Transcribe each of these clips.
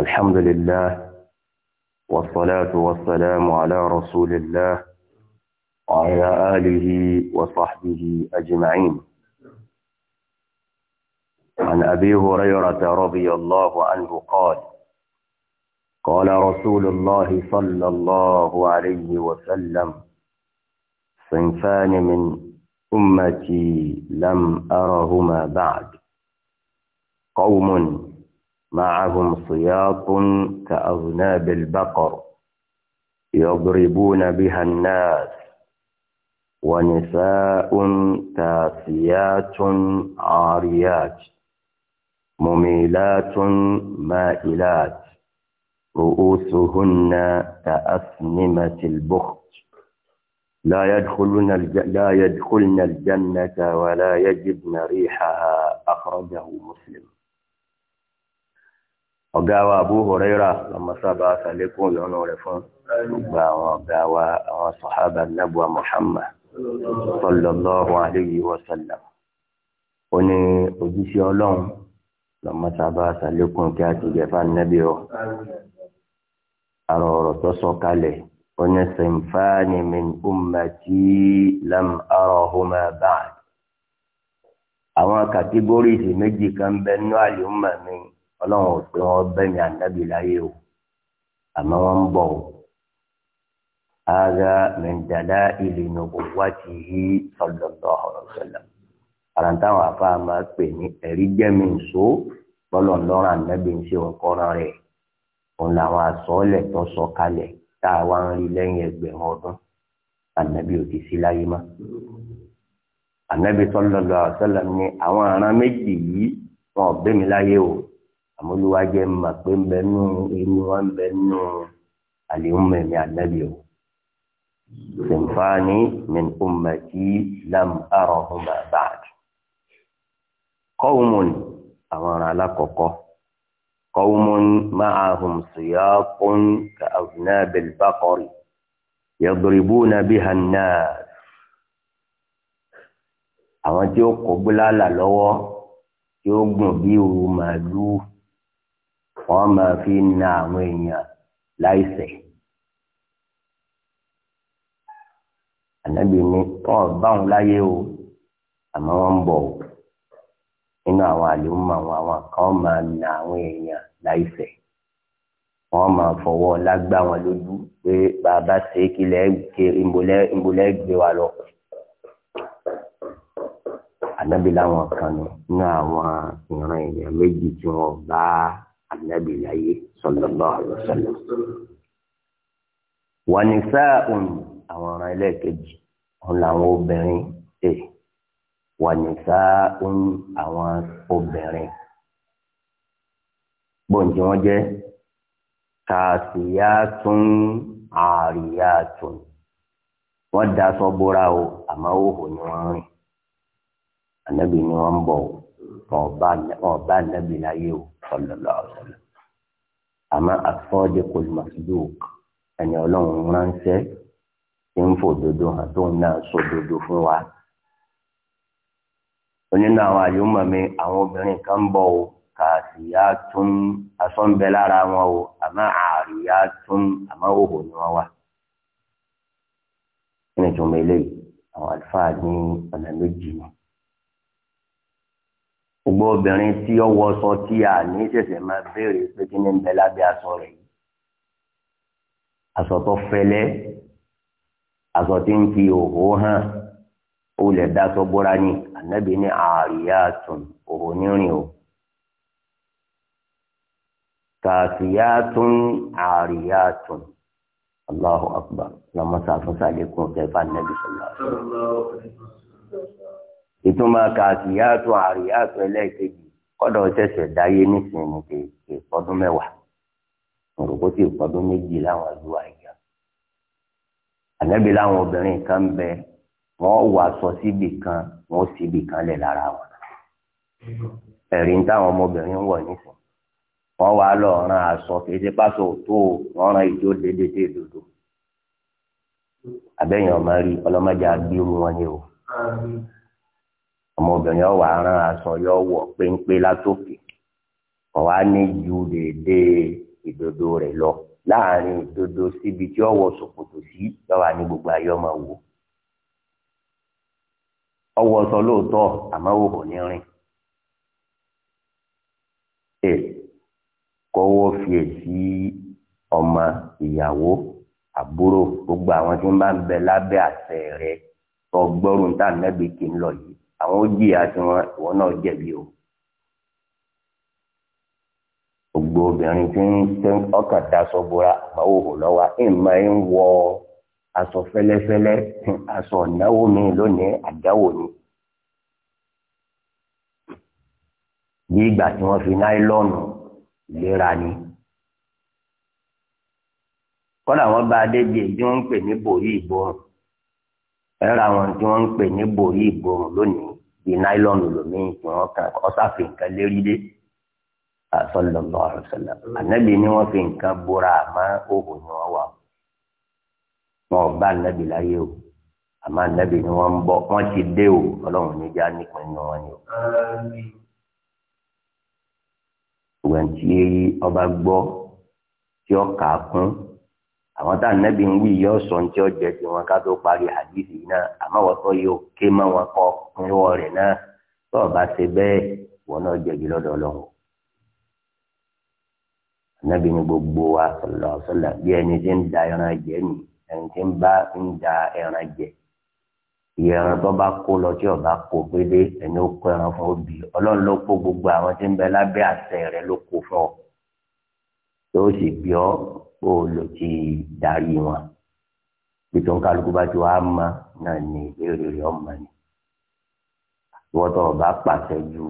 الحمد لله والصلاة والسلام على رسول الله وعلى آله وصحبه أجمعين عن أبي هريرة رضي الله عنه قال قال رسول الله صلى الله عليه وسلم صنفان من أمتي لم أرهما بعد قوم معهم صياط كأذناب البقر يضربون بها الناس ونساء كاسيات عاريات مميلات مائلات رؤوسهن كأسنمة البخت لا يدخلن لا يدخلن الجنة ولا يجدن ريحها أخرجه مسلم ọ̀gá wa Abu Huraira lọ́mọ sábà sàlékún lọ́nà rẹ̀ fún gbogbo àwọn ọ̀gá wa àwọn sàhábà nàbùwà Muhammad sallallahu alayhi wa sallam ó ní ojúṣe ọlọ́run lọ́mọ sábà sàlékún kí a ti jẹ fún anábì ọ àwọn ọ̀rọ̀ tó sọ kalẹ̀ ó ní sinfani min ummati lam arahuma ba'd àwọn kàtígórì méjì kan bẹ́ẹ̀ nú àlùmọ̀ mi ọlọ́run ò pé wọ́n bẹ́mi ànábì láyé o àmọ́ wọ́n ń bọ̀ o. ara mẹ̀ǹdàlá ilé nubuwwatihi sallallahu alaihi wasallam ara táwọn afá máa pè ní ẹ̀rí jẹ́mi nsó bọ́lọ̀ lọ́rùn ànábì ń ṣe ọkọ̀ràn rẹ̀ òun làwọn àsọ̀ọ́lẹ̀ tó sọ kalẹ̀ tá a wá ń rí lẹ́yìn ẹgbẹ̀rún ọdún ànábì ò ti sí láyé mọ́. ànábì sallallahu alaihi wasallam ní àwọn aràn méjì yìí wọn ò bẹ́mi láyé o àmọ́lúwájẹ́ mà pé ń bẹ nù inú wa ń bẹ nù àlèhùnmọ̀ ẹ̀mí ànábì o. sinfani min ummati lam arahuma ba'd. qawmun àwọn ará alákọ̀ọ́kọ́ qawmun ma'ahum siyaqun ka aznabil baqari yadribuna biha an-nas. àwọn tí ó kọ gbólálà lọ́wọ́ tí ó gùn bí òru màálùú wọ́n máa fi na àwọn èèyàn láìṣẹ̀. ànábì ni wọn bá wọn láyé o àmọ́ wọ́n ń bọ̀ o nínú àwọn àlùmọ àwọn àwọn kan máa na àwọn èèyàn láìṣẹ̀ wọ́n máa fọwọ́ lágbá wọn lójú pé bàbá ṣe kílẹ̀ ké ìmọ̀lẹ́ gbé wa lọ. ànábì láwọn kan nínú àwọn ìran èèyàn méjì tí wọ́n bá النبي عليه sallallahu alaihi wasallam. wà ní sáà òun àwọn ọ̀ràn ẹlẹ́ẹ̀kejì òun làwọn obìnrin ṣe wà ní sáà òun àwọn jẹ́ kàṣíyàtún àríyàtún wọ́n daṣọ bóra o àmọ́ òhò ni wọ́n rìn ànábì ni wọ́n ń bọ̀ o ọba nàbì láyé o sọlọlọ ọsọlọ àmọ́ àfọdé kò masduk ẹni Ọlọ́run ránṣẹ́ tí ń fòdodo hàn tó ń náà sòdodo fún wa onínú àwọn àyùmọ̀ mi àwọn obìnrin kan ń bọ̀ o kàṣíyá tún asọ́nbẹ lára wọn o àmọ́ àríyá tún àmọ́ òhò ni wọ́n wà. kí ni ìtumọ̀ eléyìí àwọn àlùfáà ní ọ̀nà méjì ni gbogbo obìnrin tí ó wọ sọ tí a ní ṣẹ̀ṣẹ̀ máa béèrè pé kí ni ń bẹ lábẹ́ aṣọ rẹ̀ yìí aṣọ tó fẹ́lẹ́ aṣọ tí ń fi òhó hàn ó lè dáṣọ bóra ní ànábì ní àríyá àtún òhó nírìn o kàfíyá tún àríyá tún Allahu akbar lọmọ sàfúnsà lẹkùn kẹfà nàbì sọlá ìtumọ̀ kàṣíyàtọ̀ àríyàtọ̀ ẹlẹ́ẹ̀kejì kọ́dọ̀ ṣẹ̀ṣẹ̀ dáyé nísìnyí kèké fọdún mẹ́wàá òrùkó sì fọdún méjì láwọn ìlú àyà ànábì láwọn obìnrin kan bẹ wọn wà sọ síbì kan wọn síbì kan lẹ̀ lára wọn ẹ̀rí ń táwọn ọmọbìnrin ń wọ̀ nísìn wọn wà lọ ran aṣọ kéde pásọ tó wọn ran ìjó dédédé dodo àbẹ́yìn ọmọ rí ọlọ́mọdé agbírú wọn ni o. Amen ọmọbìnrin ọwọ aràn aṣọ yọ wọ péńpé látòkè ọwọ á ní ju dédé ìdodo rẹ̀ lọ láàrin ìdodo síbi tí ọwọ ṣòkòtò sí lọ́wọ́ ní gbogbo ayé ọmọ wò ọwọ sọ lóòótọ́ àmọ́ wò kò ní rìn ẹ kọwọ fi èsì ọmọ ìyàwó àbúrò gbogbo àwọn tí ń bá ń bẹ lábẹ́ àṣẹ rẹ̀ tọgbọrùn tá nẹbi kì í lọ yìí àwọn ojii jìyà tí wọn ìwọ náà jẹ̀bi o gbogbo obìnrin tí ń tẹ ọkàn daṣọ bora àbáwò hò lọ́wọ́ ìmọ̀ ń wọ aṣọ fẹ́lẹ́fẹ́lẹ́ aṣọ mi lónìí àdáwò ni. ní ìgbà tí wọn fi náílọ́ọ̀nù lera ni. kọ́dà wọ́n bá adébíyẹ bí wọ́n ń pè ní bòrí ẹ̀rọ àwọn tí wọ́n ń pè ní bòrí ìborùn lónìí bíi náílọ́ọ̀nù lòmíì tí wọ́n kàn ọ́sàfin nǹkan lérí dé sallallahu alaihi wasallam ànábì ni wọ́n fi nǹkan bóra àmọ́ òhùn ni wọ́n wà wọn ò bá ànábì láyé o àmọ́ ànábì ni wọ́n ń bọ̀ wọ́n ti dé o ọlọ́run níjà nípìn inú wọn ni o. ìwẹ̀ntì ọba gbọ́ tí ó kún àwọn tá ànábì ń wí yọ sọ tí ó jẹ ti wọn ká tó parí hadisi náà àmọ́ wọ́n tó yóò ké mọ́ wọn kọ́ pinwọ́ rẹ̀ náà tó o bá ṣe bẹ́ẹ̀ wọn náà jẹ̀bi lọ́dọ̀ ọlọ́run. ànábì ní gbogbo wa sallallahu alaihi wasallam bí ẹni tí ń da ẹran jẹ ni ẹni tí ń bá ń da ẹran jẹ ìyẹ ẹran tó bá kó lọ tí ọba kó pédé ẹni ó kó ẹran fún obì ọlọ́run ló kó gbogbo àwọn tí ń bẹ lábẹ́ àṣẹ rẹ̀ ló kó fún ọ tó sì bí ọ kó o lò ti darí wọn ètò nkálukú bá ti wá ma náà ní ìbéèrè rẹ ọmọ ni wọ́tọ̀ ọba pàṣẹ ju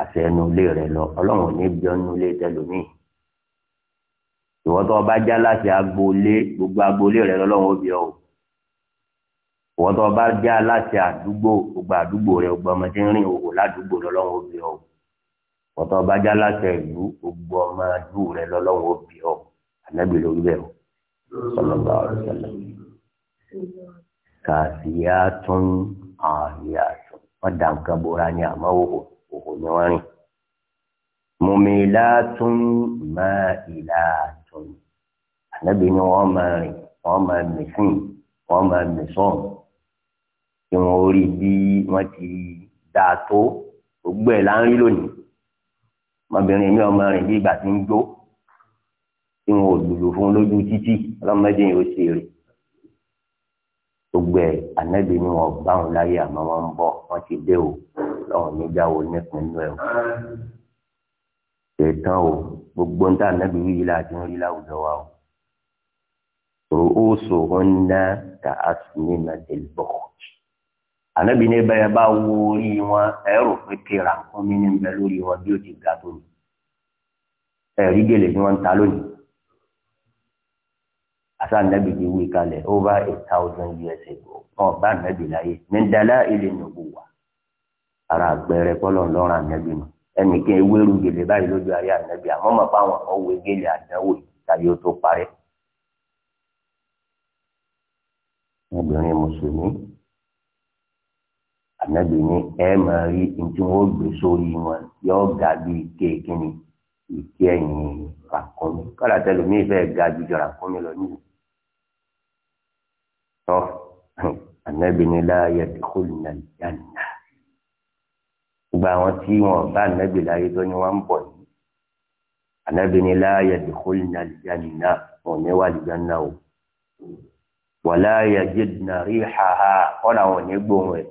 àṣẹnulé rẹ lọ ọlọ́run ò ní bí ọ́nulé tẹlómìn ìwọ́tọ̀ ọba já láti agboolé gbogbo agboolé rẹ lọ́lọ́run ó bí ọ ìwọ́tọ̀ ọba já láti àdúgbò gbogbo àdúgbò rẹ gbogbo ọmọ tí ń rìn òwò ládùúgbò lọ́lọ́run ó bí ọ ọ̀tọ̀ ọba jálásẹ̀ ìlú gbogbo ọmọ adú rẹ lọ́lọ́wọ́ òbí ọ ànábì lórí bẹ́ẹ̀ o sọlọ́gbà ọ̀rọ̀ sọlọ́ kàfíà tún àyà tún wọ́n dà nǹkan bóra ní àmọ́ òhò òhò ni wọ́n rìn mùmílá tún má ìlà tún ànábì ni wọ́n máa rìn wọ́n máa mẹ̀sìn wọ́n máa mẹ̀sán kí wọ́n rí bí wọ́n ti dáa tó gbogbo ẹ̀ là lónìí ọmọbìnrin mi ọmọ rìn bí ìgbà tí ń jó tí wọn ò lùlù fún lójú títì ọlọ́mọdé yìí ó ṣe rè gbogbo ẹ anabi ni wọn bá wọn láyé àmọ́ wọn ń bọ̀ wọn ti dé o lọrun níjà wo nípìnlẹ ẹ o ṣètàn o gbogbo ń tà anabi yìí láti ń rí láwùjọ wa o. ru'usuhunna ka asmi na delbọ̀kọ̀ ànábì ní bẹ́ẹ̀ bá wo orí wọn ẹ̀rọ pé kéra fún mi ní bẹ lórí wọn bí ó ti ga tó ní ẹ̀rí gèlè ni wọ́n ń ta lónìí àti ànábì ti wí kalẹ̀ over a thousand years ago wọn bá ànábì láyé ní dala ilé nìbò wà ara àgbẹ̀rẹ̀ pọ́lọ́ ńlọ́rọ̀ ànábì nù ẹnìkan ewéru gèlè báyìí lójú ayé ànábì àmọ́ mọ̀ pé àwọn kan wé gèlè àdánwò tàbí ó tó parẹ́ obìnrin mùsùlùmí ànábì ní ẹ máa rí ntí wọn gbé sórí wọn yóò ga bí ike kíni ike ẹ̀yìn ràkúnmí kọlá tẹlifíì fẹẹ ga ju jọ ràkúnmí lọ nínú tọ ànábì ní láàyè kó nà yànnà gbogbo àwọn tí wọn bá ànábì láyé tó ní wọn ń yìí ànábì ní láàyè kó nà yànnà wọn ní wà lùjọ náà o wàláyà jìnnà rí haha kọlá wọn ní gbóhùn ẹ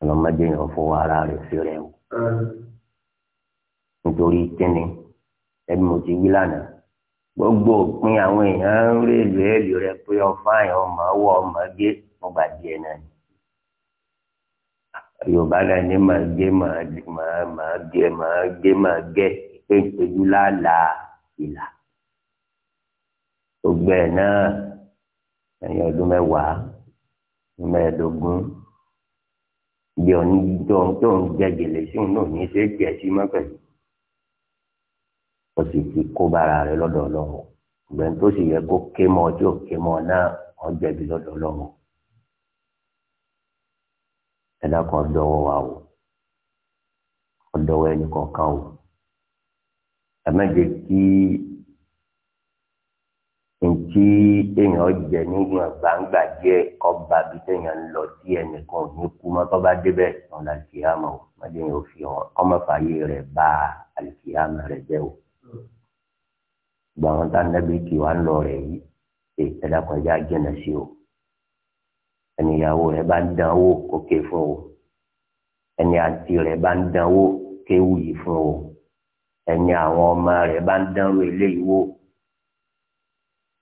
ọlọ́mọdé yẹn fọwọ́ ara rẹ̀ sí rẹ̀ o. nítorí kíni ẹbí mo ti wí lánàá gbogbo òpin àwọn èèyàn ń rí èlò èlò rẹ pé ọfà yẹn ọmọ wọ ọmọ gé wọn gbà díẹ̀ náà ni. yorùbá náà ní màá gé màá gé màá gé màá gé pé ìpéjú láàlà ìlà. gbogbo ẹ̀ náà ẹ̀yìn ọdún mẹ́wàá mẹ́ẹ̀ẹ́dógún ìyẹ òní dán tó ń jẹgẹlẹ sí òun náà ní ṣe jẹ sí mọ pẹ̀lú ó sì ti kó bára rẹ̀ lọ́dọ̀ Ọlọ́run ìgbẹ́ni tó sì yẹ kó ké mọ tí ò ké mọ náà ọ jẹ̀bi lọ́dọ̀ Ọlọ́run ẹ dákun ọdọwọ wa o ọdọwọ ẹnì kọ̀ọ̀kan o ẹ kí ntí èèyàn jẹ nígbà gbangba díẹ̀ ọba bí tẹ̀yàn ń lọ tí ẹnìkan ò ní kú mọ́ tó bá débẹ̀ ọ̀hún àlìkìyàmà o mọ́jẹ́ yẹn ò fi ọmọ fààyè rẹ̀ bá àlìkìyàmà rẹ̀ jẹ́ o. gbà wọn tá nẹ́bí kì wá lọ rẹ̀ yìí ṣe ẹ̀dàkùn sí o. ẹni ìyàwó bá ń dán owó òkè fún o. ẹni àǹtí rẹ̀ bá ń dán owó kéwù yìí fún o. ẹni àwọn ọmọ rẹ̀ bá ń dánwó eléyìí wò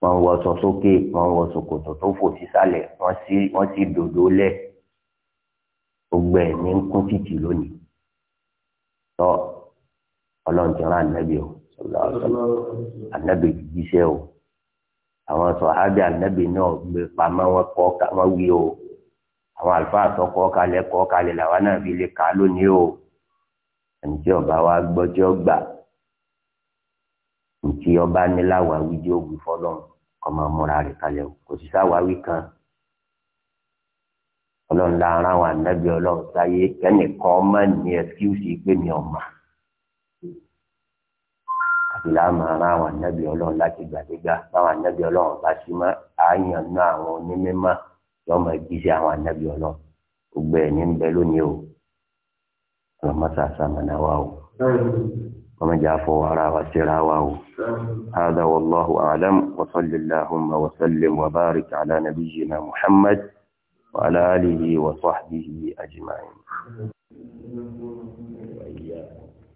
wọ́n wọṣọ sókè wọ́n wọ ṣòkòtò tó fò sísàlẹ̀ wọ́n sì dòdò lẹ̀ gbogbo ẹ̀ ní kún títì lónìí tọ́ ọlọ́run ti rán ànábì o ànábì jíṣẹ́ o àwọn sọ̀hábì ànábì náà gbé pamọ́ wọn kọ́ wọn wí o àwọn àlùfáà tó kọ́ kalẹ̀ kọ́ kalẹ̀ làwọn náà fi lè kà á lónìí o ẹni tí ọba wa gbọ́ tí ó gbà nke ọba ní dị jẹ́ òwú fọlọ́n ọmọ múra rẹ̀ kalẹ̀ o kò sí sáwàáwí kan ọlọ́run la ara wa nábì ọlọ́run sáyé kẹ́nìkan ọmọ ní ẹ̀skíwùsì pé mi ọ̀mà àti láàmú ara wa nábì ọlọ́run láti gbàdégbà báwa nábì ọlọ́run bá sí mọ́ àwọn yọmọ àwọn gbogbo ní lónìí o sàṣà o. ومن جعفه وراء هواه هذا والله أعلم وصل اللهم وسلم وبارك على نبينا محمد وعلى آله وصحبه أجمعين